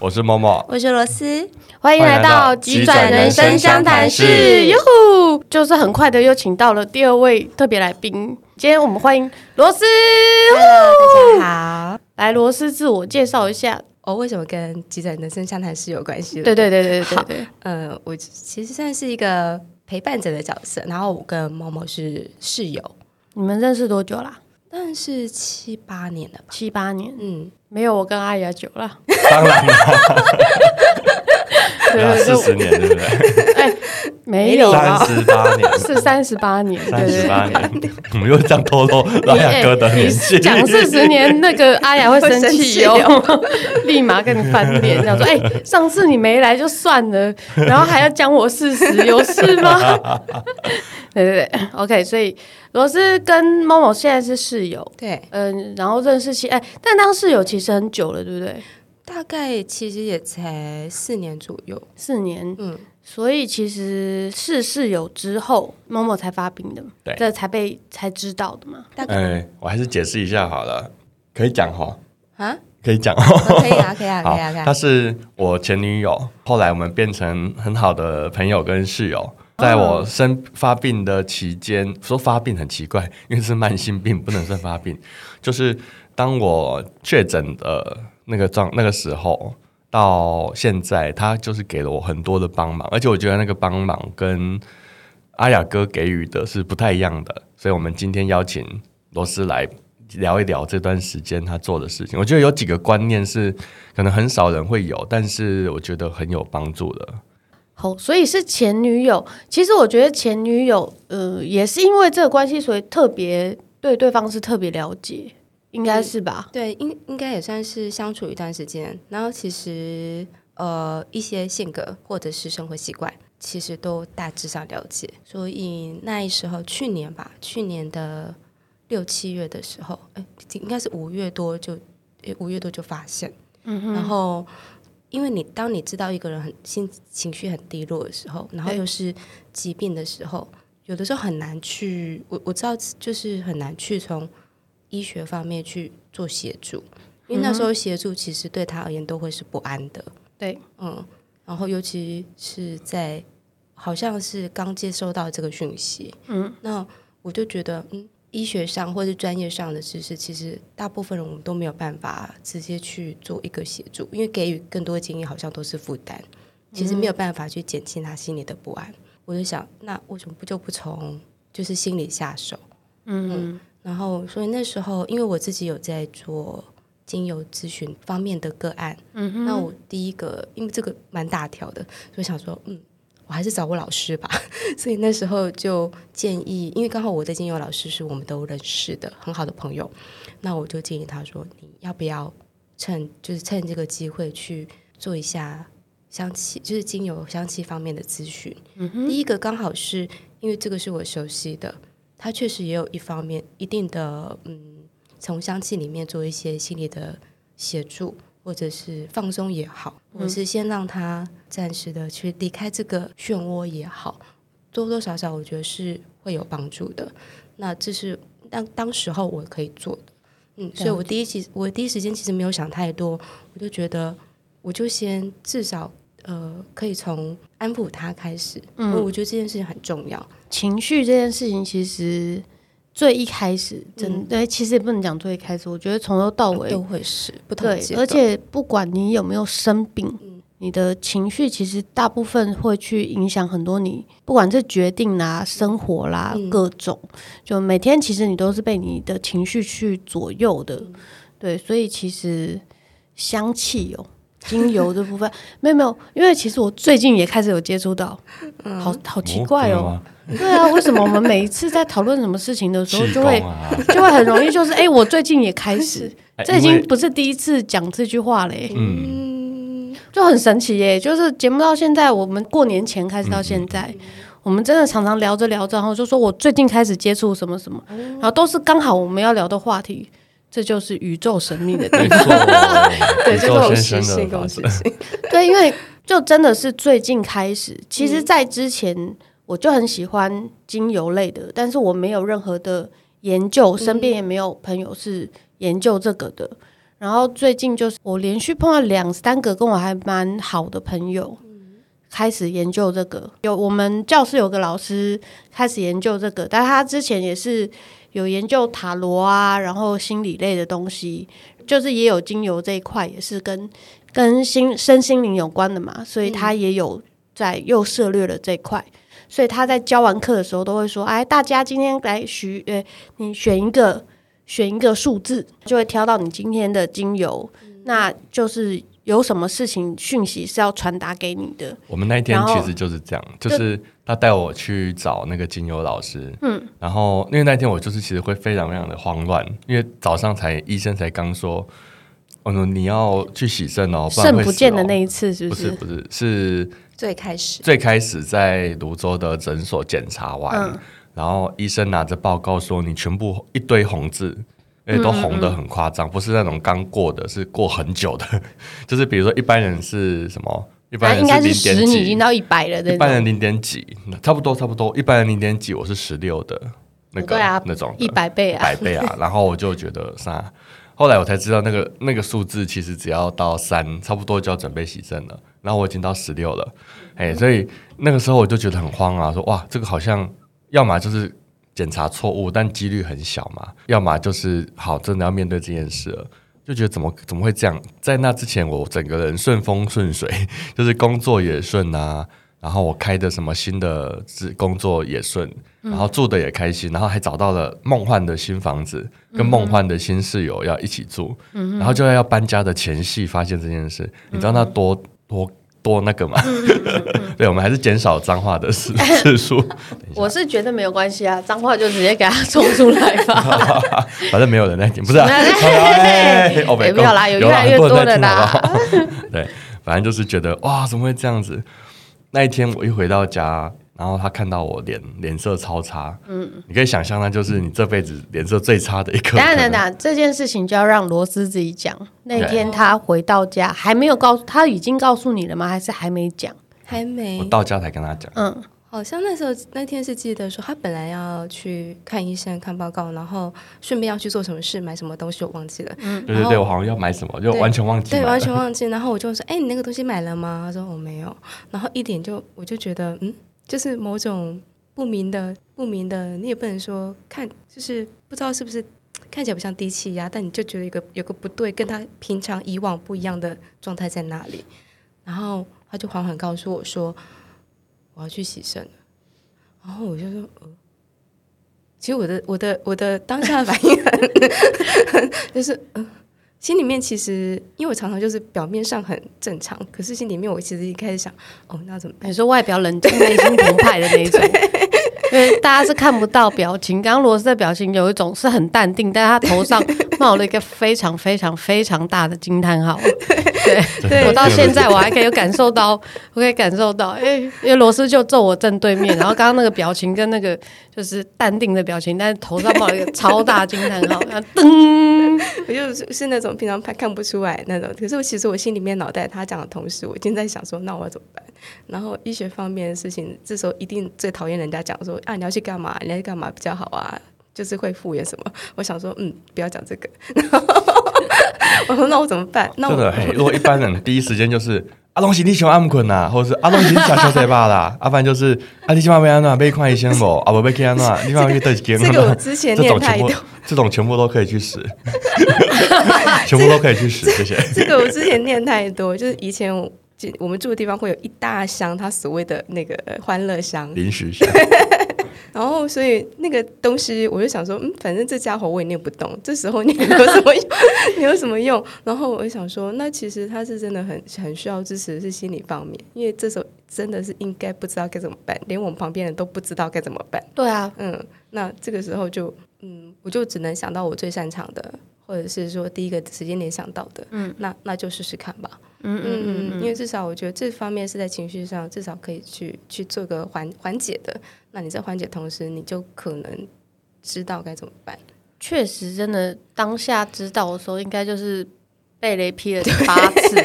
我是默默，我是蘿絲，歡迎來到《疾轉人生相談室》。呦呼，就是很快的又請到了第二位特別來賓。今天我們歡迎蘿絲，Hello, 大家好，來蘿絲自我介紹一下。哦，為什麼跟《疾轉人生相談室》有關係？對對對對對對好，呃，我其實算是一個陪伴者的角色。然後我跟默默是室友，你們認識多久啦？但是七八年了吧，七八年，嗯。沒有，我跟阿雅久了。當然啦，對四十年，對不對？哎，沒有啊，三十八年是三十八年，三十八年，我們又講偷偷阿雅哥的，你講四十年，那個阿雅會生氣哦，立馬跟你翻臉，這樣說：“哎，上次你沒來就算了，然後還要講我四十，有事嗎？”對對對，OK，所以。羅斯跟 MOMO 現在是室友，對，嗯、呃，然後認識起，哎，但當室友其實很久了，對不對？大概其實也才四年左右，四年，嗯，所以其實是室友之後 MOMO 才發病的，對這才被才知道的嘛。大概，我還是解釋一下好了，可以講哈，啊，可以講、啊，可以，啊、好可以啊，可以啊，可以啊。她是我前女友，後來我們變成很好的朋友跟室友。在我生發病的期間，說發病很奇怪，因為是慢性病，不能算發病。 就是當我確診的那個狀那個時候，到現在，他就是給了我很多的幫忙，而且我覺得那個幫忙跟阿雅哥給予的是不太一樣的。所以，我們今天邀請蘿絲來聊一聊這段時間他做的事情。我覺得有幾個觀念是可能很少人會有，但是我覺得很有幫助的。好，oh, 所以是前女友。其實我覺得前女友，呃，也是因為這個關係，所以特別對對方是特別了解，應該是吧？嗯、對，應應該也算是相處一段時間。然後其實，呃，一些性格或者是生活習慣，其實都大致上了解。所以那一時候，去年吧，去年的六七月的時候，哎，應該是五月多就，五月多就發現。嗯哼，然後。因為你當你知道一個人很心情緒很低落的時候，然後又是疾病的時候，對有的時候很難去我我知道就是很難去從醫學方面去做協助，嗯、哼因為那時候協助其實對他而言都會是不安的。對，嗯，然後尤其是在好像是剛接收到這個訊息，嗯，那我就覺得嗯。醫學上或者專業上的知識，其實大部分人我們都沒有辦法直接去做一個協助，因為給予更多的經驗好像都是負擔，其實沒有辦法去減輕他心裡的不安。嗯、哼我就想，那為什麼不就不從就是心理下手？嗯，哼嗯，然後所以那時候，因為我自己有在做精油諮詢方面的個案，嗯哼那我第一個因為這個蠻大條的，所以想說，嗯。我還是找我老師吧，所以那時候就建議，因為剛好我的精油老師是我們都認識的很好的朋友，那我就建議他說，你要不要趁就是趁這個機會去做一下香氣，就是精油香氣方面的諮詢。嗯哼。第一個剛好是因為這個是我熟悉的，他確實也有一方面一定的嗯，從香氣裡面做一些心理的協助。或者是放鬆也好，或、嗯、是先讓他暫時的去離開這個漩渦也好，多多少少我覺得是會有幫助的。那這是當當時候我可以做的，嗯，這樣，所以我第一期我第一時間其實沒有想太多，我就覺得我就先至少呃可以從安撫他開始，嗯，我覺得這件事情很重要，情緒這件事情其實。最一開始，真的、嗯、其實也不能講最一開始，我覺得從頭到尾、呃、都會是不太對，而且不管你有沒有生病，嗯、你的情緒其實大部分會去影響很多你，不管是決定啦、啊、生活啦、啊、嗯、各種，就每天其實你都是被你的情緒去左右的，嗯、對，所以其實香氣有、哦。精油的部分 沒有沒有，因為其實我最近也開始有接觸到，嗯、好好奇怪哦。Okay 對啊，為什麼我們每一次在討論什麼事情的時候，就會 就會很容易就是哎、欸，我最近也開始，欸、這已經不是第一次講這句話了耶，嗯為，就很神奇耶，就是節目到現在，我們過年前開始到現在，嗯、我們真的常常聊着聊着，然後就說我最近開始接觸什麼什麼，然後都是剛好我們要聊的話題。這就是宇宙神秘的地方， 對，這種奇事，這種奇事，對，因為就真的是最近開始，其實在之前我就很喜歡精油類的，嗯、但是我沒有任何的研究，身邊也沒有朋友是研究這個的。嗯、然後最近就是我連續碰到兩三個跟我還蠻好的朋友，嗯、開始研究這個。有我們教室有個老師開始研究這個，但他之前也是。有研究塔羅啊，然後心理類的東西，就是也有精油這一塊，也是跟跟心、身心靈有關的嘛，所以他也有在又涉獵了這一塊，嗯、所以他在教完課的時候都會說：“哎，大家今天來學、呃，你選一個，選一個數字，就會挑到你今天的精油，那就是。”有什麼事情訊息是要傳達給你的？我們那一天其實就是這樣，然後就是他帶我去找那個金優老師。嗯，然後因為那一天我就是其實會非常非常的慌亂，因為早上才醫生才剛說，哦，你要去洗腎哦。不然哦不見的那一次是不是？不是，不是，不是是最開始。最開始在蘆洲的診所檢查完，嗯，然後醫生拿着報告說，你全部一堆紅字。誒、欸，都紅得很誇張，嗯嗯，不是那種剛過的，是過很久的， 就是比如說一般人是什麼，一般人是零點幾，已經到一百了，一般人零點幾，差不多差不多，一般人零點幾，我是十六的那個、啊、那種一百倍啊，百倍啊，然後我就覺得啥？ 後來我才知道那個那個數字其實只要到三，差不多就要準備洗腎了，然後我已經到十六了，誒、欸，所以那個時候我就覺得很慌？啊，說哇，這個好像要嘛就是。檢查錯誤，但幾率很小嘛？要麼就是好，真的要面對這件事了，嗯、就覺得怎麼怎麼會這樣？在那之前，我整個人順風順水，就是工作也順啊，然後我開的什麼新的工作也順，然後住的也開心，然後還找到了夢幻的新房子跟夢幻的新室友要一起住，嗯、哼然後就在要搬家的前夕發現這件事，嗯、哼你知道那多多。多那個嘛，嗯嗯、 對，我們還是減少髒話的次次數。欸、我是覺得沒有關係啊，髒話就直接給他衝出來吧、 哦，反正沒有人在聽，不是、啊？沒有、欸、啦，有越來越多的啦。啦好好 對，反正就是覺得哇，怎麼會這樣子？那一天我一回到家。然後他看到我臉臉色超差，嗯，你可以想象，那就是你這輩子臉色最差的一刻。當然等，等，這件事情就要讓羅斯自己講。那天他回到家 Okay 還沒有告訴他，已經告訴你了嗎？還是還沒講？還沒。我到家才跟他講。嗯，好像那時候那天是記得說，他本來要去看醫生看報告，然後順便要去做什麼事買什麼東西，我忘記了。嗯，後對對對，我好像要買什麼，就完全忘記了對。對，完全忘記。然後我就說：“哎，你那個東西買了嗎？”他說：“我沒有。”然後一點就我就覺得嗯。就是某種不明的、不明的，你也不能說看，就是不知道是不是看起來不像低氣壓，但你就覺得一個有個不對，跟他平常以往不一樣的狀態在哪裡。然後他就緩緩告訴我說：“我要去洗腎。”然後我就說：“嗯。”其實我的、我的、我的當下的反應很， 就是。嗯。心裡面其實，因為我常常就是表面上很正常，可是心裡面我其實一開始想，哦，那怎麼辦？你說外表冷靜、內心澎湃的那一種？ 對 因為大家是看不到表情。剛剛羅斯的表情有一種是很淡定，但他頭上冒了一個非常非常非常大的驚嘆號。對，我到現在我還可以感受到， 我可以感受到，哎、欸，因為蘿絲就坐我正對面，然後剛剛那個表情跟那個就是淡定的表情，但是頭上抱一個超大驚嘆號， 然後噔！ 我就是是那種平常看不出來那種，可是我其實我心裡面腦袋他講的同時，我已經在想說，那我要怎麼辦？然後醫學方面的事情，這時候一定最討厭人家講說，啊，你要去幹嘛？你要去幹嘛比較好啊？就是會敷衍什麼，我想說，嗯，不要講這個。 我說那我怎麼辦？真的，這個，如果一般人 第一時間就是阿東喜你喜歡阿姆啊，或者是阿東喜你喜小塞巴啦，阿凡、 啊、就是阿你喜歡貝安娜貝看一千五，阿不貝看安娜，你喜歡可以多幾件。這個我之前念太多，這種，這種全部都可以去死， 全部都可以去死。 這謝謝。這個我之前念太多，就是以前我們住的地方會有一大箱， 他所謂的那個歡樂箱，零食箱。 然後，所以那個東西，我就想說，嗯，反正這家伙我也念不動，這時候念有什麼用？ 有什麼用。然後我就想說，那其實他是真的很很需要支持，是心理方面，因為這時候真的是應該不知道該怎麼辦，連我們旁邊人都不知道該怎麼辦。對啊，嗯，那這個時候就，嗯，我就只能想到我最擅長的，或者是說第一個時間聯想到的，嗯，那那就試試看吧。嗯,嗯嗯嗯，因為至少我覺得這方面是在情緒上，至少可以去去做個緩緩解的。那你在緩解同時，你就可能知道該怎麼辦。確實，真的當下知道的時候，應該就是被雷劈了八次，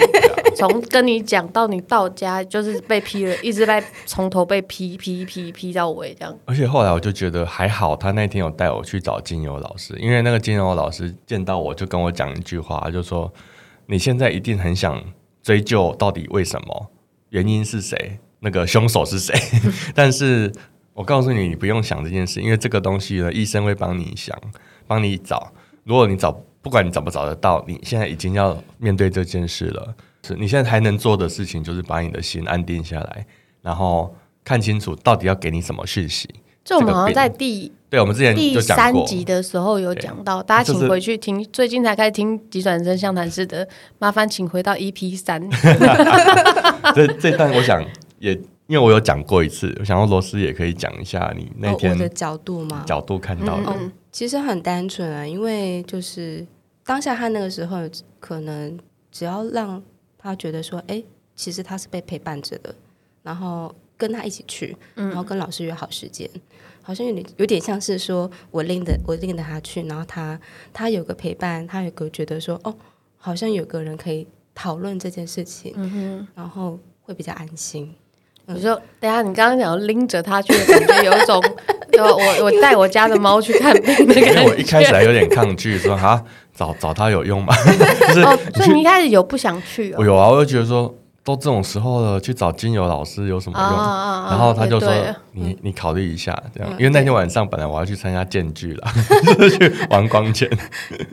從對 跟你講到你到家，就是被劈了， 一直在從頭被劈劈劈劈到尾這樣。而且後來我就覺得還好，他那天有帶我去找精油老師，因為那個精油老師見到我就跟我講一句話，就說你現在一定很想。追究到底為什麼原因是誰？那個兇手是誰？ 但是我告訴你，你不用想這件事，因為這個東西呢，醫生會幫你想，幫你找。如果你找，不管你找不找得到，你現在已經要面對這件事了。是你現在還能做的事情，就是把你的心安定下來，然後看清楚到底要給你什麼訊息。這我們好像在第、對，我們之前講第三集的時候有講到，對大家請回去聽。就是、最近才開始聽《疾轉人生相談室的》，麻煩請回到 EP 三。這 這段我想也，因為我有講過一次，我想要羅斯也可以講一下你那天、哦、我的角度嘛？角度看到的、哦的嗯嗯嗯，其實很單純啊，因為就是當下他那個時候，可能只要讓他覺得說，哎，其實他是被陪伴着的，然後跟他一起去，嗯、然後跟老師約好時間。好像有點有點像是說我拎的，我拎着我拎着他去，然後他他有個陪伴，他有個覺得說，哦，好像有個人可以討論這件事情，嗯、哼然後會比較安心。嗯、我說，等下你剛剛講拎着他去，感覺有一種 就我我我帶我家的貓去看病那個感覺。我一開始還有點抗拒說，說啊，找找他有用嗎？ 就是、哦、所以你一開始有不想去？哦，我有啊，我就覺得說。都這種時候了，去找精油老師有什麼用？然後他就說：“你你考慮一下，這樣。”因為那天晚上本來我要去參加劍具了，就去玩光劍。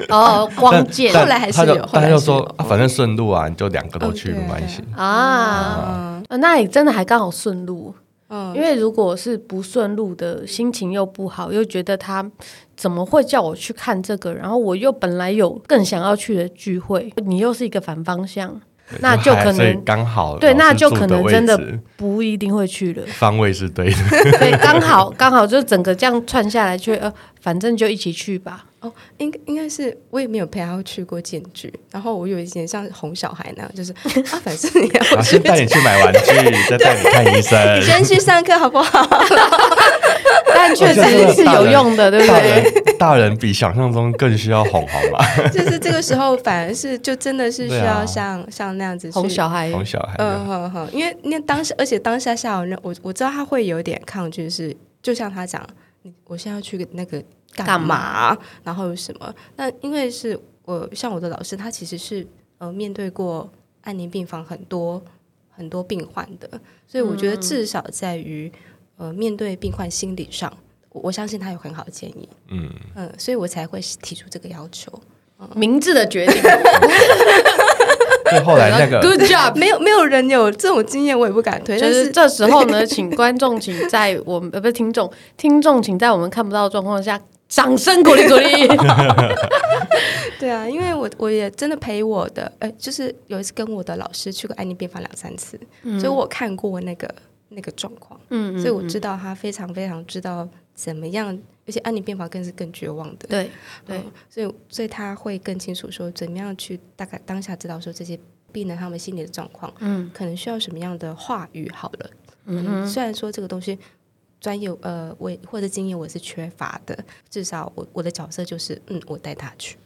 哦，光劍。後來還是有，他就說：“反正順路啊，你就兩個都去，沒關係。”啊，那你真的還剛好順路。嗯，因為如果是不順路的，心情又不好，又覺得他怎麼會叫我去看這個？然後我又本來有更想要去的聚會，你又是一個反方向。那就可能就對，那就可能真的不一定會去了。方位是對的， 對，剛好剛好就整個這樣串下來，去呃，反正就一起去吧。哦，應該應該是我也沒有陪他去過建局，然後我有一點像哄小孩那樣，就是啊，反正你要去、啊、先帶你去買玩具，對再帶你看醫生，你先去上課好不好？ 但確實是有用的，對不對？大大人比想象中更需要哄好嘛，就是這個時候反而是就真的是需要像、啊、像那樣子哄小孩，哄小孩，嗯哼哼，因為那當時而且當下下午那我我知道他會有點抗拒，就是就像他講，我現在要去那個。幹嘛？然後什麼？那因為是我像我的老師，他其實是呃面對過安寧病房很多很多病患的，所以我覺得至少在於、嗯、呃面對病患心理上我，我相信他有很好的建議。嗯嗯、呃，所以我才會提出這個要求，嗯、明智的決定。就後來那個 Good job，沒有沒有人有這種經驗，我也不敢推。就是、就是這時候呢， 請觀眾請在我們呃不是聽眾聽眾請在我們看不到的狀況下。掌聲鼓勵鼓勵， 對啊，因為我我也真的陪我的，哎、呃，就是有一次跟我的老師去過安寧病房兩三次，嗯、所以我看過那個那個狀況，嗯，嗯，嗯，所以我知道他非常非常知道怎麼樣，而且安寧病房更是更絕望的，對對、呃，所以所以他會更清楚說怎麼樣去大概當下知道說這些病人他們心理的狀況，嗯，可能需要什麼樣的話語好了，嗯，嗯，嗯，雖然說這個東西。專業呃，我或者經驗我是缺乏的，至少我我的角色就是嗯，我帶他去。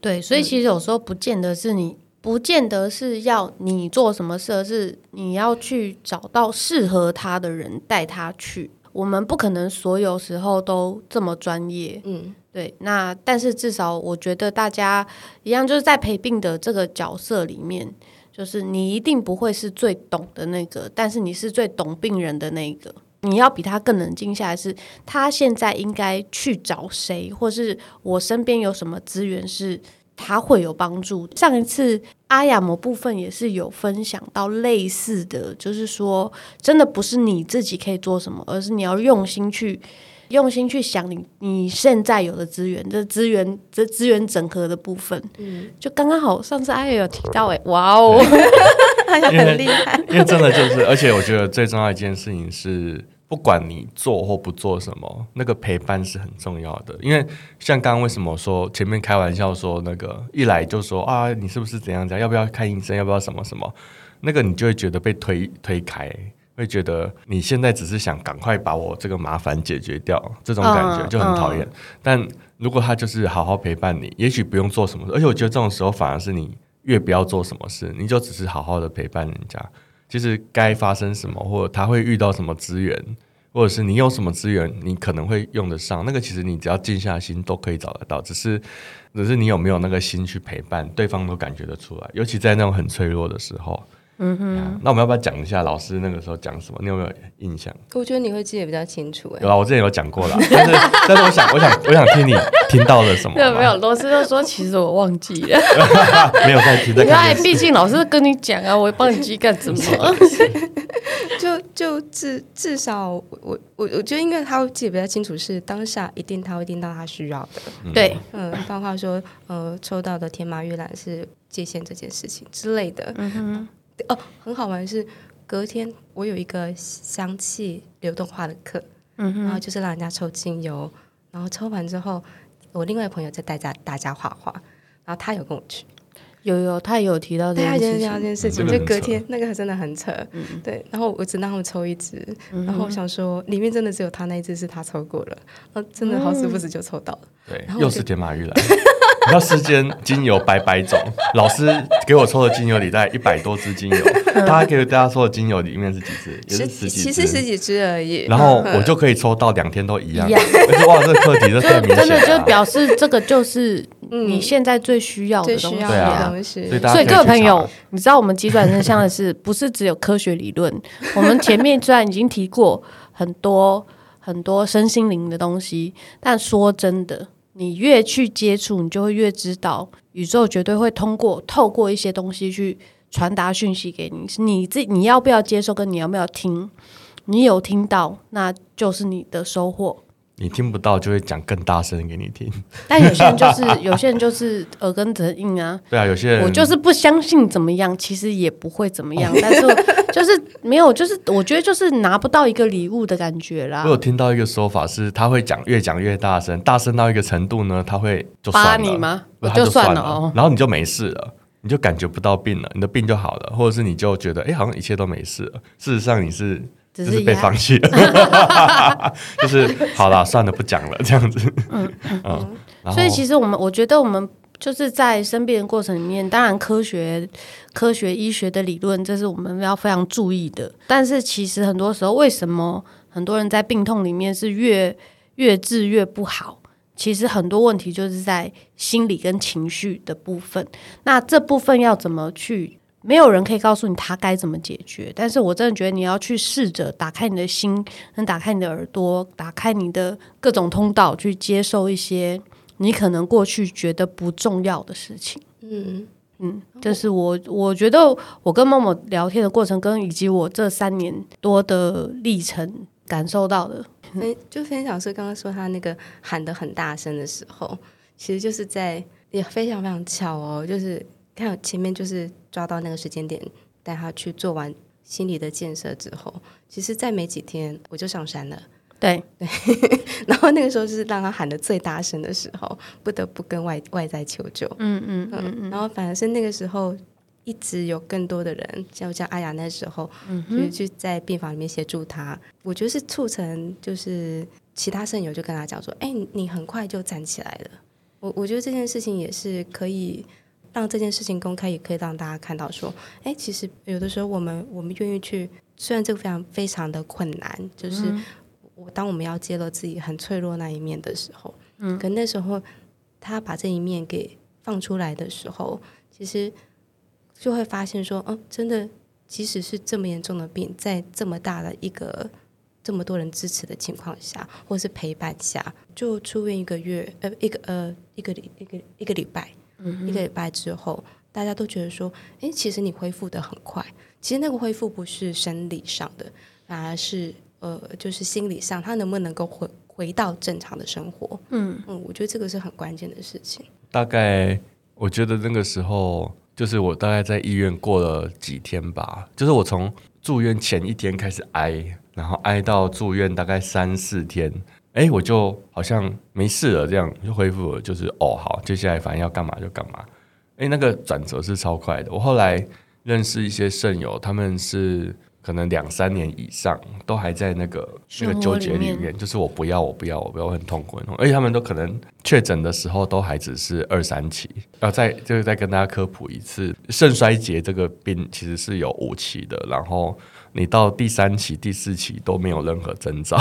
對，所以其實有時候不見得是你，嗯、不見得是要你做什麼事，是你要去找到適合他的人帶他去。我們不可能所有時候都這麼專業，嗯，對。那但是至少我覺得大家一樣，就是在陪病的這個角色裡面，就是你一定不會是最懂的那個，但是你是最懂病人的那個。你要比他更冷靜下來，是他現在應該去找誰，或是我身邊有什麼資源是他會有幫助。上一次阿雅某部分也是有分享到類似的，就是說，真的不是你自己可以做什麼，而是你要用心去用心去想你你現在有的資源，這資源這資源整合的部分，嗯，就剛剛好上次阿雅有提到誒，哇哦。 很厲害，因為真的就是，而且我覺得最重要的一件事情是，不管你做或不做什麼，那個陪伴是很重要的。因為像剛剛為什麼說前面開玩笑說那個一來就說啊，你是不是怎樣怎樣，要不要看醫生，要不要什麼什麼，那個你就會覺得被推推開，會覺得你現在只是想趕快把我這個麻煩解決掉，這種感覺、嗯、就很討厭。嗯、但如果他就是好好陪伴你，也許不用做什麼，而且我覺得這種時候反而是你。越不要做什麼事，你就只是好好的陪伴人家。其實該發生什麼，或者他會遇到什麼資源，或者是你有什麼資源，你可能會用得上。那個其實你只要靜下心都可以找得到，只是只是你有沒有那個心去陪伴，對方都感覺得出來。尤其在那種很脆弱的時候。嗯哼、啊，那我們要不要講一下老師，那個時候講什麼？你有沒有印象？我覺得你會記得比較清楚哎，欸。有啊，我之前有講過了， 但是但是我想，我想，我想聽你聽到了什麼？沒有，沒有。老師都說其實我忘記了， 沒有再聽。哎，畢竟老師跟你講啊，我會幫你記幹什麼 就、就就至至少我我我覺得，因為他會記得比較清楚，是當下一定他會聽到他需要的。對，嗯、呃，包括說呃，抽到的天馬月蘭是界限這件事情之類的。嗯哼。哦，很好玩是隔天我有一個香氣流動畫的課，嗯、哼然後就是讓人家抽精油，然後抽完之後，我另外朋友在帶着大家畫畫，然後他有跟我去，有有他有提到，有提到這件事情，事情嗯、就隔天那個真的很扯，嗯、對，然後我只讓他們抽一支，嗯、哼然後我想說裡面真的只有他那一支是他抽過了，然後真的好死不死就抽到了，嗯、對，又是撿馬玉蘭。 要時間，精油百百種。老師給我抽的精油裡帶一百多支精油， 嗯、他給大家抽的精油裡面是幾支，十也是十幾支，其實十幾支而已。然後我就可以抽到兩天都一樣。嗯、而且哇， 這課題這是的、啊、就是真的就表示這個就是你現在最需要的東西、啊。嗯、所以各位朋友，你知道我們基本上像的是不是只有科學理論？ 我們前面雖然已經提過很多很多身心靈的東西，但說真的。你越去接觸，你就會越知道，宇宙絕對會通過透過一些東西去傳達訊息給你。你自你要不要接受，跟你要不要聽，你有聽到，那就是你的收穫。你聽不到，就會講更大聲給你聽。但有些人就是， 有些人就是耳根子硬啊。對啊，有些人我就是不相信怎麼樣，其實也不會怎麼樣。哦、但是就是 沒有，就是我覺得就是拿不到一個禮物的感覺啦。我有聽到一個說法是，他會講越講越大聲，大聲到一個程度呢，他會就算了。發你嗎？是就算了哦了。然後你就沒事了，你就感覺不到病了，你的病就好了，或者是你就覺得哎，好像一切都沒事了。事實上你是。只是被放棄了， 就是好了， 算了，不講了，這樣子。嗯嗯。嗯嗯。所以其實我們，我覺得我們就是在生病的過程裡面，當然科學、科學醫學的理論，這是我們要非常注意的。但是其實很多時候，為什麼很多人在病痛裡面是越越治越不好？其實很多問題就是在心理跟情緒的部分。那這部分要怎麼去？沒有人可以告訴你他該怎麼解決，但是我真的覺得你要去試着打開你的心，能打開你的耳朵，打開你的各種通道，去接受一些你可能過去覺得不重要的事情。嗯嗯，但、嗯、是我我覺得我跟 MOMO 聊天的過程，跟以及我這三年多的歷程感受到的，嗯欸、就分享是剛剛說他那個喊得很大聲的時候，其實就是在也非常非常巧哦，就是。看前面就是抓到那個時間點，帶他去做完心理的建設之後，其實再沒幾天我就上山了。對對，然後那個時候是讓他喊得最大聲的時候，不得不跟外外在求救。嗯嗯嗯，嗯，嗯，然後反而是那個時候一直有更多的人，像像阿雅那時候，嗯、哼就去在病房裡面協助他。我覺得是促成，就是其他腎友就跟他講說：“哎、欸，你很快就站起來了。我”我我覺得這件事情也是可以。讓這件事情公開，也可以讓大家看到說，哎，其實有的時候我們我們願意去，雖然這個非常非常的困難，就是我當我們要揭露自己很脆弱那一面的時候，嗯，可那時候他把這一面給放出來的時候，其實就會發現說，嗯，真的，即使是這麼嚴重的病，在這麼大的一個這麼多人支持的情況下，或是陪伴下，就住院一個月，呃，一個呃一個禮一個一個禮拜。嗯嗯，一個禮拜之後，大家都覺得說，哎、欸，其實你恢復得很快。其實那個恢復不是生理上的，反而是呃，就是心理上，他能不能夠回回到正常的生活。嗯嗯，我覺得這個是很關鍵的事情。大概我覺得那個時候，就是我大概在醫院過了幾天吧，就是我從住院前一天開始挨，然後挨到住院大概三四天。哎，我就好像沒事了，這樣就恢復了。就是哦，好，接下來反正要幹嘛就幹嘛。哎，那個轉折是超快的。我後來認識一些腎友，他們是可能兩三年以上都還在那個那個糾結裡面，裡面就是我不要，我不要，我不要，我很痛苦，很痛苦。而且他們都可能確診的時候都還只是二三期。呃、啊，就再就是跟大家科普一次，腎衰竭這個病其實是有五期的。然後。你到第三期、第四期都沒有任何徵兆，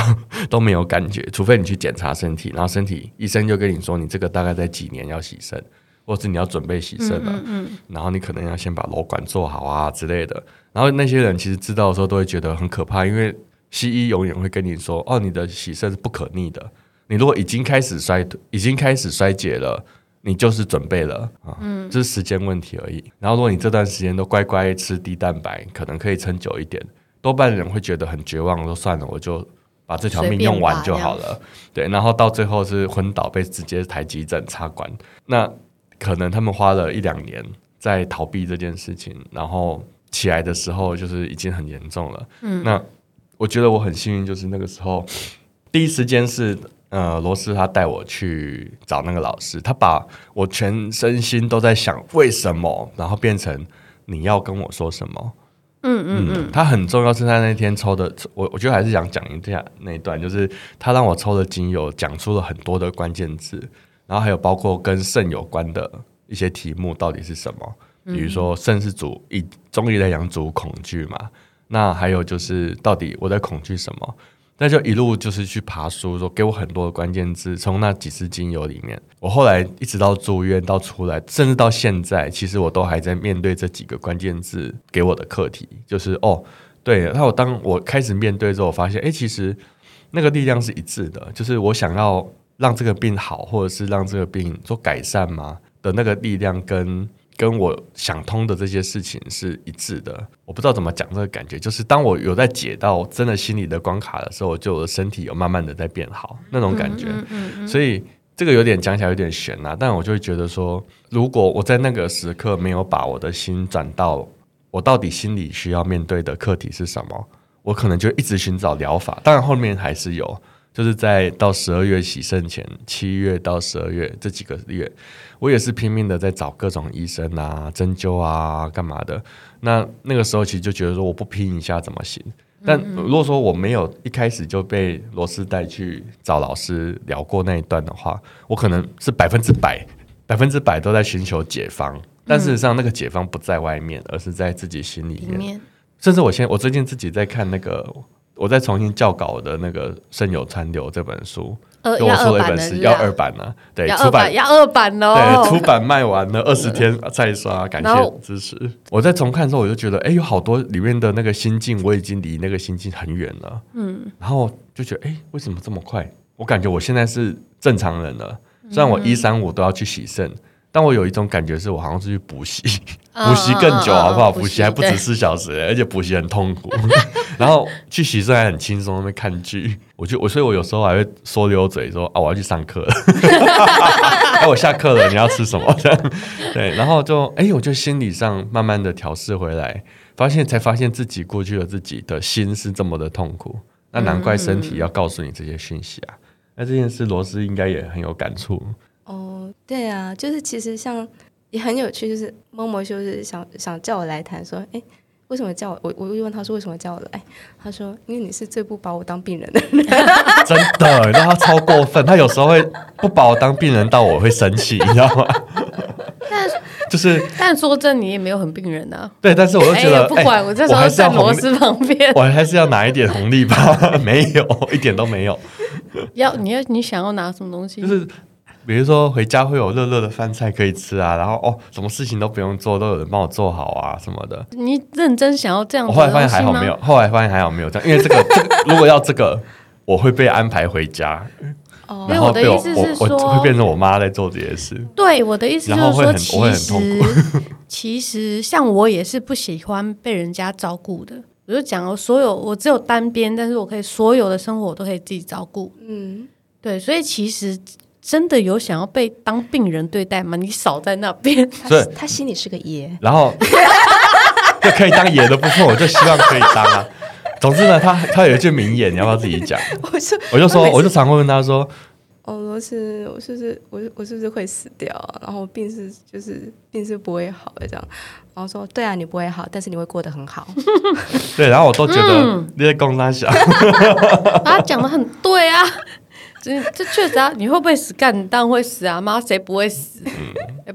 都沒有感覺，除非你去檢查身體，然後身體醫生就跟你說，你這個大概在幾年要洗腎，或是你要準備洗腎了，嗯嗯嗯，然後你可能要先把瘻管做好啊之類的。然後那些人其實知道的時候都會覺得很可怕，因為西醫永遠會跟你說，哦，你的洗腎是不可逆的，你如果已經開始衰已經開始衰竭了，你就是準備了啊，嗯，這是時間問題而已。然後如果你這段時間都乖乖吃低蛋白，可能可以撐久一點。多半人會覺得很絕望，說算了，我就把這條命用完就好了。對，然後到最後是昏倒，被直接抬急診插管。那可能他們花了一兩年在逃避這件事情，然後起來的時候就是已經很嚴重了。嗯，那我覺得我很幸運，就是那個時候第一時間是呃，蘿絲他帶我去找那個老師，他把我全身心都在想為什麼，然後變成你要跟我說什麼。嗯嗯,嗯他很重要，是在那天抽的，我我覺得還是想講一下那一段，就是他讓我抽的精油，講出了很多的關鍵字，然後還有包括跟腎有關的一些題目到底是什麼，比如說腎是主，以中醫來講主恐懼嘛，那還有就是到底我在恐懼什麼。那就一路就是去爬書，說給我很多的關鍵字，從那幾支精油裡面，我後來一直到住院到出來，甚至到現在，其實我都還在面對這幾個關鍵字給我的課題，就是哦，對。那我當我開始面對之後，我發現，哎，其實那個力量是一致的，就是我想要讓這個病好，或者是讓這個病做改善嘛的那個力量跟跟我想通的這些事情是一致的，我不知道怎麼講這個感覺，就是當我有在解到真的心裡的關卡的時候，就我的身體有慢慢的在變好那種感覺，所以這個有點講起來有點玄啊，但我就會覺得說，如果我在那個時刻沒有把我的心轉到我到底心裡需要面對的課題是什麼，我可能就一直尋找療法，當然後面還是有。就是在到十二月洗腎前，七月到十二月這幾個月，我也是拼命的在找各種醫生啊、針灸啊、幹嘛的。那那個時候其實就覺得說，我不拼一下怎麼行？但如果說我沒有一開始就被羅斯帶去找老師聊過那一段的話，我可能是百分之百、百分之百都在尋求解方。但事實上，那個解方不在外面，而是在自己心裡面。裡面，甚至我現我最近自己在看那個。我在重新校稿的那個《聖有殘留》這本書，呃、我出了一本書，是啊，要二版了。對，出版要二版哦。對，出版賣完了二十天再刷。 感謝支持。後我在重看的時候，我就覺得，哎，欸，有好多裡面的那個心境，我已經離那個心境很遠了。嗯，然後就覺得，哎，欸，為什麼這麼快？我感覺我現在是正常人了，雖然我一三五都要去洗腎。嗯嗯但我有一種感覺，是我好像是去補習，補習、哦、更久，好不好？補習、哦哦哦、還不止四小時，對而且補習很痛苦。 然後去洗漱還很輕鬆，那邊看劇。我就我，所以我有時候還會說溜嘴說，說啊，我要去上課了。哎、 啊，我下課了，你要吃什麼？這 樣對，然後就哎、欸，我就心理上慢慢的調適回來，發現才發現自己過去了自己的心是這麼的痛苦，那難怪身體要告訴你這些訊息啊。那、嗯嗯、這件事，蘿絲應該也很有感觸。對啊，就是其實像也很有趣，就是 MOMO 就是想想叫我來談說，說哎，為什麼叫我？我我就問他說為什麼叫我來？他說因為你是最不把我當病人的。 真的，那他超過分，他有時候會不把我當病人到我會生氣，你知道嗎？但就是但說真，你也沒有很病人吶、啊。對，但是我又覺得，哎、不管、哎、我這時候是在羅斯旁邊，我還是要拿一點紅利吧。 沒有，一點都沒有。要你要你想要拿什麼東西？就是。比如說回家會有熱熱的飯菜可以吃啊，然後哦，什麼事情都不用做，都有人幫我做好啊什麼的。你認真想要這樣？我後來發現還好沒有，後來發現還好沒有這樣，因為這個、 這個、如果要這個，我會被安排回家。哦，然後我，因為我的意思是說，我我會變成我媽在做這些事。對，我的意思是說，會很痛苦。其實其實像我也是不喜歡被人家照顧的。我就講我所有我只有單邊，但是我可以所有的生活我都可以自己照顧。嗯，對，所以其實。真的有想要被當病人對待嗎？你少在那邊，對，他心裡是個爺，然後就可以當爺的不錯，我就希望可以當啊。總之呢，他他有一句名言，你要不要自己講？我就我就說，我就常會問他說：“我是我是不是我我是不是會死掉？然後病是就是病是不會好的這樣。”然後說：“對啊，你不會好，但是你會過得很好。”對，然後我都覺得你在講三小，啊，講得很對啊。這這確實啊，你會不會死，幹？當然會死啊！媽，誰不會死？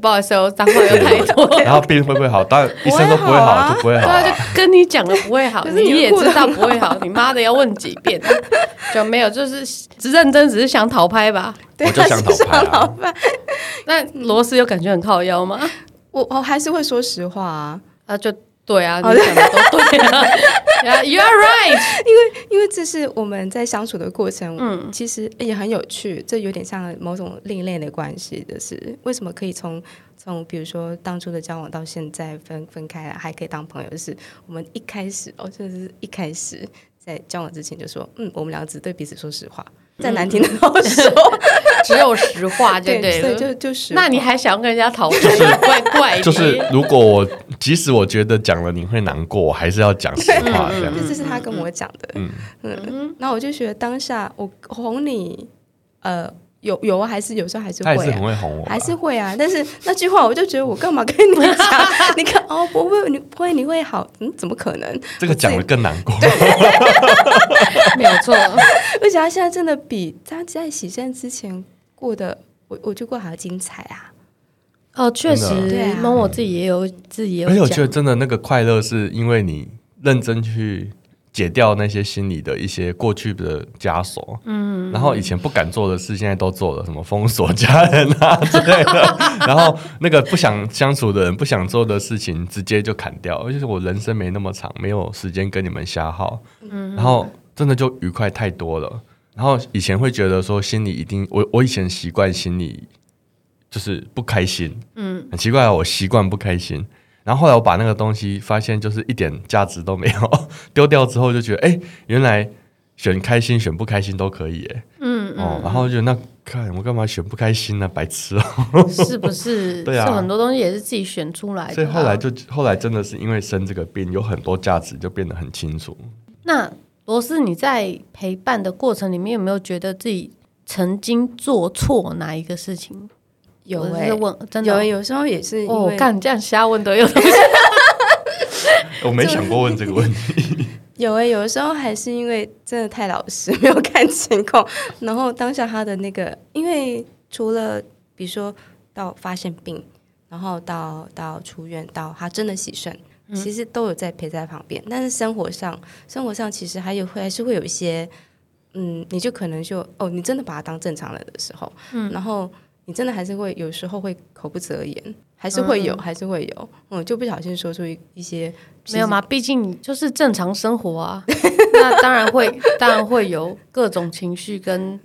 不好意思，我髒話又太多。然後病會不會好？當然醫生都不會好，就不會好。就跟你講了不會好，你也知道不會好，你媽的要問幾遍？就沒有，就是只認真，只是想討拍吧。我就想討拍啊！那蘿絲有感覺很靠腰嗎？我我還是會說實話啊，他就。對啊，你啊，對都對啊。 yeah，You are right。因為因為這是我們在相處的過程，嗯，其實也很有趣。這有點像某種另類的關係，就是為什麼可以從從比如說當初的交往到現在分分開了，啊，還可以當朋友？就是我們一開始哦，就是一開始在交往之前就說，嗯，我們兩個只對彼此說實話。再難聽的都說，嗯、只有實話就對了， 對，所以就就，就是。那你還想跟人家討論就是怪怪，就是如果我即使我覺得講了你會難過，我還是要講實話。這樣，這是他跟我講的。嗯那、嗯嗯嗯、我就覺得當下我哄你，呃。有有啊，還是有時候還是會、啊，是會紅還是會啊。但是那句話，我就覺得我幹嘛跟你講？ 你看哦，不會你不，不會你會好？嗯，怎麼可能？這個講了更難過。我沒有錯，而且他現在真的比他在洗腎之前過的，我我就過得還要精彩啊。哦，確實，MOMO、啊、自己也有，自己也有，而且我覺得真的那個快樂是因為你認真去。解掉那些心裡的一些過去的枷鎖，嗯哼，然後以前不敢做的事，現在都做了，什麼封鎖家人啊之類的， 然後那個不想相處的人，不想做的事情，直接就砍掉。而、就、且、是、我人生沒那麼長，沒有時間跟你們瞎耗，嗯，然後真的就愉快太多了。嗯、哼然後以前會覺得說心裡一定，我我以前習慣心裡就是不開心，嗯，很奇怪，哦，我習慣不開心。然後後來我把那個東西發現就是一點價值都沒有，丟掉之後就覺得哎、欸，原來選開心選不開心都可以哎，嗯哦，然後就那看我幹嘛選不開心呢、啊，白痴哦、啊， 是不是？對啊，是很多東西也是自己選出來的，所以後來就後來真的是因為生這個病，有很多價值就變得很清楚。那蘿絲，你在陪伴的過程裡面有沒有覺得自己曾經做錯哪一個事情？有哎、欸，有，真的、哦、有、欸，有時候也是我看你這樣瞎問都有， 我沒想過問這個問題。有哎、欸，有的時候還是因為真的太老實，沒有看情況。 然後當下他的那個，因為除了比如說到發現病，然後到到出院，到他真的洗腎，嗯、其實都有在陪在旁邊。但是生活上，生活上其實還有會還是會有一些，嗯，你就可能就哦，你真的把他當正常人的時候，嗯，然後。你真的還是會有時候會口不擇言，還是會有，嗯、還是會有，嗯，就不小心說出一一些。沒有嗎？畢竟就是正常生活啊， 那當然會，當然會有各種情緒跟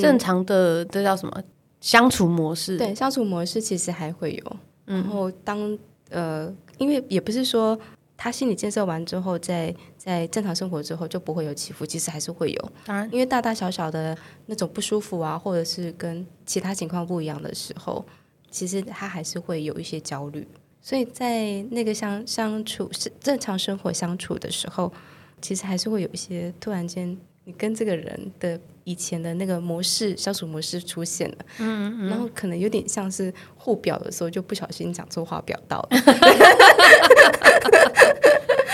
正常的、嗯、這叫什麼，相處模式。對，相處模式其實還會有。然後當呃，因為也不是說。他心理建設完之後在，在在正常生活之後就不會有起伏，其實還是會有，啊、因為大大小小的那種不舒服啊，或者是跟其他情況不一樣的時候，其實他還是會有一些焦慮，所以在那個相相處、是正常生活相處的時候，其實還是會有一些突然間。你跟這個人的以前的那個模式相處模式出現了，嗯，嗯，然後可能有點像是互表的時候就不小心講錯話表到了。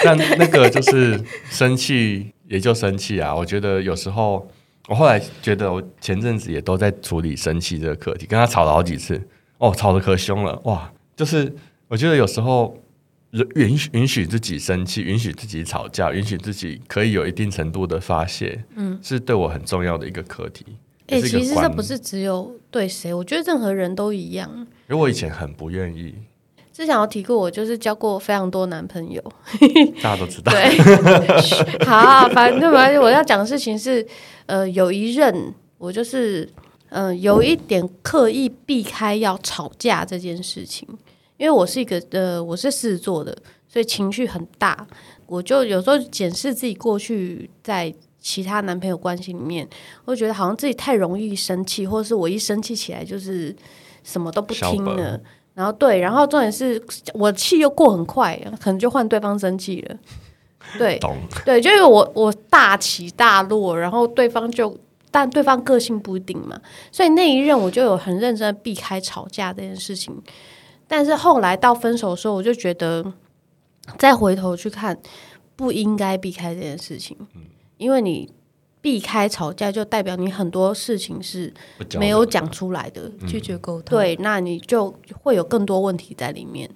但那個就是生氣也就生氣啊！我覺得有時候，我後來覺得我前陣子也都在處理生氣這個課題，跟他吵了好幾次，哦，吵得可凶了，哇！就是我覺得有時候。允許允許自己生氣，允許自己吵架，允許自己可以有一定程度的發洩，嗯，是對我很重要的一個課題。哎、欸，其實這不是只有對誰，我覺得任何人都一樣。因為我以前很不願意。之前有提過，我就是交過非常多男朋友， 大家都知道。對，好、啊，反正反正我要講的事情是，呃，有一任我就是，嗯、呃，有一點刻意避開要吵架這件事情。因為我是一個呃，我是獅子座的，所以情緒很大。我就有時候檢視自己過去在其他男朋友關係裡面，我覺得好像自己太容易生氣，或者是我一生氣起來就是什麼都不聽了。本然後對，然後重點是我氣又過很快，可能就換對方生氣了。對，懂對，就是我我大起大落，然後對方就，但對方個性不一定嘛，所以那一任我就有很認真的避開吵架這件事情。但是後來到分手的時候，我就覺得再回頭去看，不應該避開這件事情。因為你避開吵架，就代表你很多事情是沒有講出來的，拒絕溝通。嗯、對，那你就會有更多問題在裡面。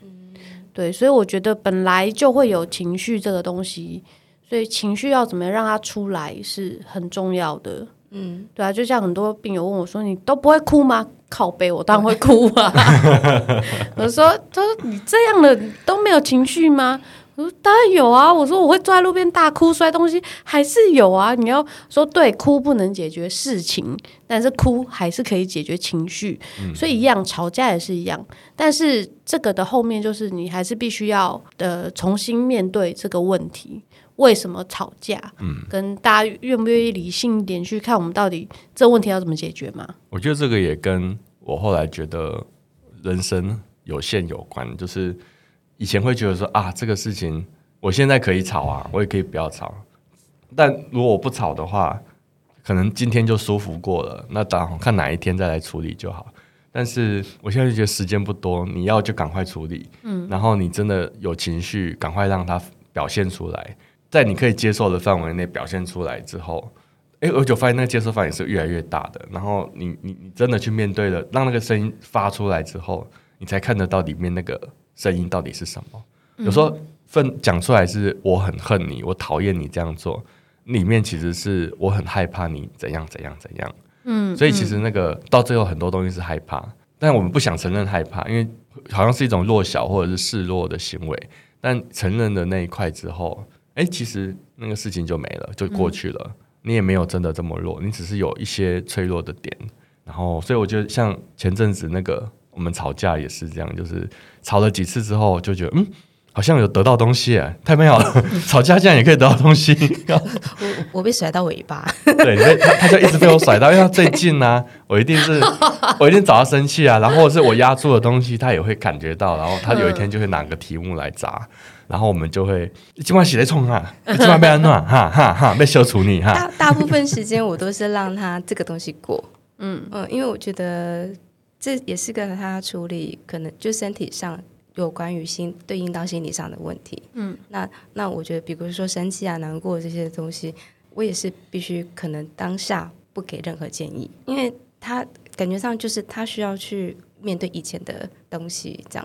對，所以我覺得本來就會有情緒這個東西，所以情緒要怎麼樣讓它出來是很重要的。嗯，對啊，就像很多病友問我說：“你都不會哭嗎？”靠北，我當然會哭啊 我！我說，他說你這樣的都沒有情緒嗎？我說當然有啊！我說我會坐在路邊大哭摔東西，還是有啊！你要說對，哭不能解決事情，但是哭還是可以解決情緒，嗯、所以一樣，吵架也是一樣。但是這個的後面就是你還是必須要呃重新面對這個問題，為什麼吵架？嗯，跟大家願不願意理性一點去看我們到底這問題要怎麼解決嘛？我覺得這個也跟。我後來覺得，人生有限有關，就是以前會覺得說啊，這個事情我現在可以吵啊，我也可以不要吵。但如果我不吵的話，可能今天就舒服過了，那等我看哪一天再來處理就好。但是我現在就覺得時間不多，你要就趕快處理。嗯，然後你真的有情緒，趕快讓它表現出來，在你可以接受的範圍內表現出來之後。哎，我就發現那個接收反應是越來越大的。然後你你你真的去面對了，讓那個聲音發出來之後，你才看得到裡面那個聲音到底是什麼。嗯、有時候分講出來是我很恨你，我討厭你這樣做，裡面其實是我很害怕你怎樣怎樣怎樣。嗯，嗯，所以其實那個到最後很多東西是害怕，但我們不想承認害怕，因為好像是一種弱小或者是示弱的行為。但承認的那一塊之後，哎，其實那個事情就沒了，就過去了。嗯你也沒有真的這麼弱，你只是有一些脆弱的點，然後所以我覺得像前陣子那個我們吵架也是這樣，就是吵了幾次之後就覺得嗯，好像有得到東西啊，太美好了，嗯、吵架竟然也可以得到東西。我我被甩到尾巴， 對，他他就一直被我甩到，因為他最近呢、啊，我一定是我一定找他生氣啊，然後是我壓住的東西，他也會感覺到，然後他有一天就會拿個題目來砸。嗯然後我們就會今管洗在衝哈、啊，今管不要弄 哈，哈哈被消除你哈。大大部分時間我都是讓他這個東西過，嗯 嗯，因為我覺得這也是跟他處理可能就身體上有關於心對應到心理上的問題，嗯，那那我覺得比如說生氣啊、難過這些東西，我也是必須可能當下不給任何建議，因為他感覺上就是他需要去面對以前的東西這樣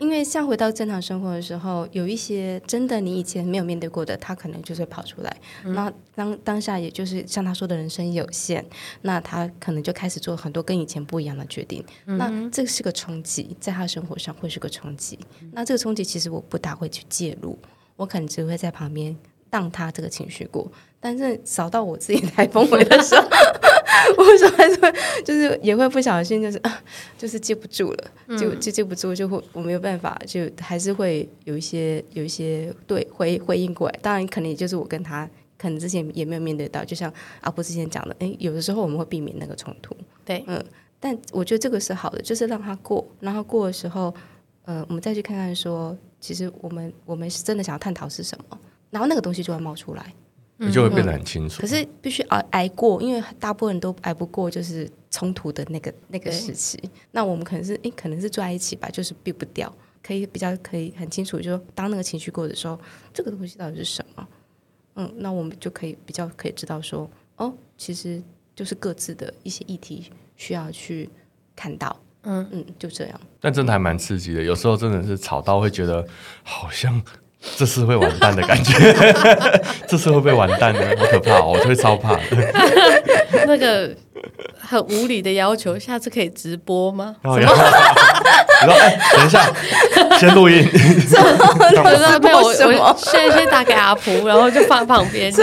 因為像回到正常生活的時候，有一些真的你以前沒有面對過的，他可能就會跑出來。那、嗯、當當下也就是像他說的人生有限，那他可能就開始做很多跟以前不一樣的決定。嗯、那這是個衝擊，在他生活上會是個衝擊。嗯、那這個衝擊其實我不大會去介入，我可能只會在旁邊。當他這個情緒過，但是掃到我自己台風尾的時候，為什麼還是會就是也會不小心，就是、啊、就是接不住了，就就接不住，就會我沒有辦法，就還是會有一些有一些對回回應過來。當然，可能也就是我跟他可能之前也沒有面對到，就像阿婆之前講的、哎，有的時候我們會避免那個衝突，對，嗯、呃，但我覺得這個是好的，就是讓他過，讓他過的時候，呃，我們再去看看說，其實我們我們是真的想要探討是什麼。然後那個東西就會冒出來，嗯、你就會變得很清楚、嗯。可是必須挨挨過，因為大部分人都挨不過，就是衝突的那個那個時期。對那我們可能是哎，可能是住在一起吧，就是避不掉。可以比較，可以很清楚，就是當那個情緒過的時候，這個東西到底是什麼？嗯，那我們就可以比較可以知道說，哦，其實就是各自的一些議題需要去看到。嗯嗯，就這樣。但真的還蠻刺激的，有時候真的是吵到會覺得好像。這次會完蛋的感覺，這次會不會完蛋呢？好可怕，我會超怕。那個很無理的要求，下次可以直播嗎？什麼？等一下，先錄音。我說沒有，我先先打給阿蒲，然後就放旁邊。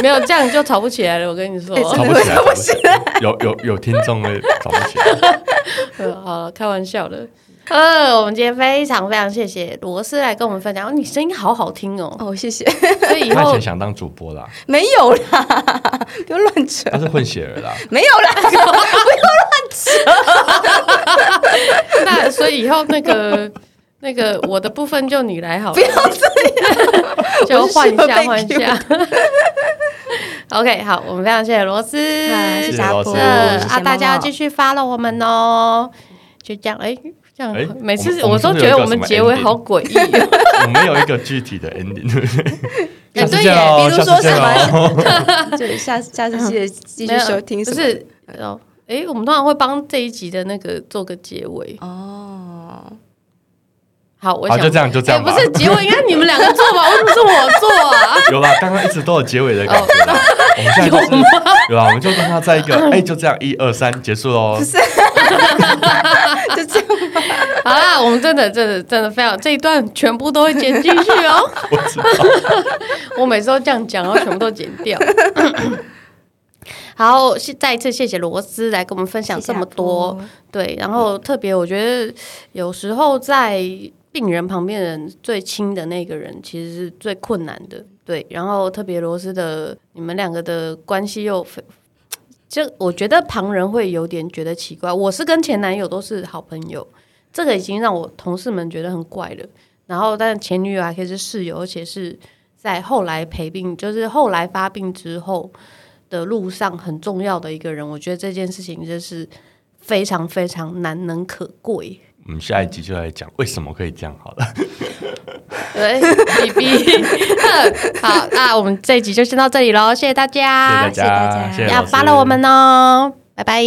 沒有這樣就吵不起來了，我跟你說。吵不起來，有有有聽眾會吵不起來。嗯，好了，開玩笑的。呃，我們今天非常非常謝謝羅斯來跟我們分享。你聲音好好聽哦！哦，謝謝。所以以後想當主播啦？沒有啦，就亂扯。他是混血兒啦？沒有啦，不要亂扯。那所以以後那個那個我的部分就你來好了，不要這樣，就換一下，換一下。OK，好，我們非常謝謝羅斯，謝謝羅斯啊！大家繼續 follow 我們哦。就這樣，哎。這樣，每次、欸、我，我都覺得我們結尾好詭異。我沒有一個具體的 ending。對，比如說什麼？對，下下次記得繼續收聽、啊。不是，哎、欸，我們通常會幫這一集的那個做個結尾哦。好，我想好就這樣，就這樣。不是結尾應該你們兩個做吧？為什麼是我做啊？有啦，剛剛一直都有結尾的。有嗎？有啊，我們就跟他在一個。哎，就這樣，一二三，結束嘍。 就這、是。啊，我們真的、真的、真的非常，這一段全部都會剪進去哦。 我每次都這樣講，然後全部都剪掉。 好，再一次謝謝蘿絲來跟我們分享這麼多。謝謝。對，然後特別我覺得，有時候在病人旁邊人最親的那個人，其實是最困難的。對，然後特別蘿絲的，你們兩個的關係又，就我覺得旁人會有點覺得奇怪。我是跟前男友都是好朋友。這個已經讓我同事們覺得很怪了。然後，但是前女友還可以是室友，而且是在後來陪病，就是後來發病之後的路上很重要的一個人。我覺得這件事情就是非常非常難能可貴。嗯、我們下一集就來講為什麼可以這樣好了。 好，那我們這一集就先到這裡嘍，謝謝大家，謝謝大家，要 follow 我們哦，拜拜。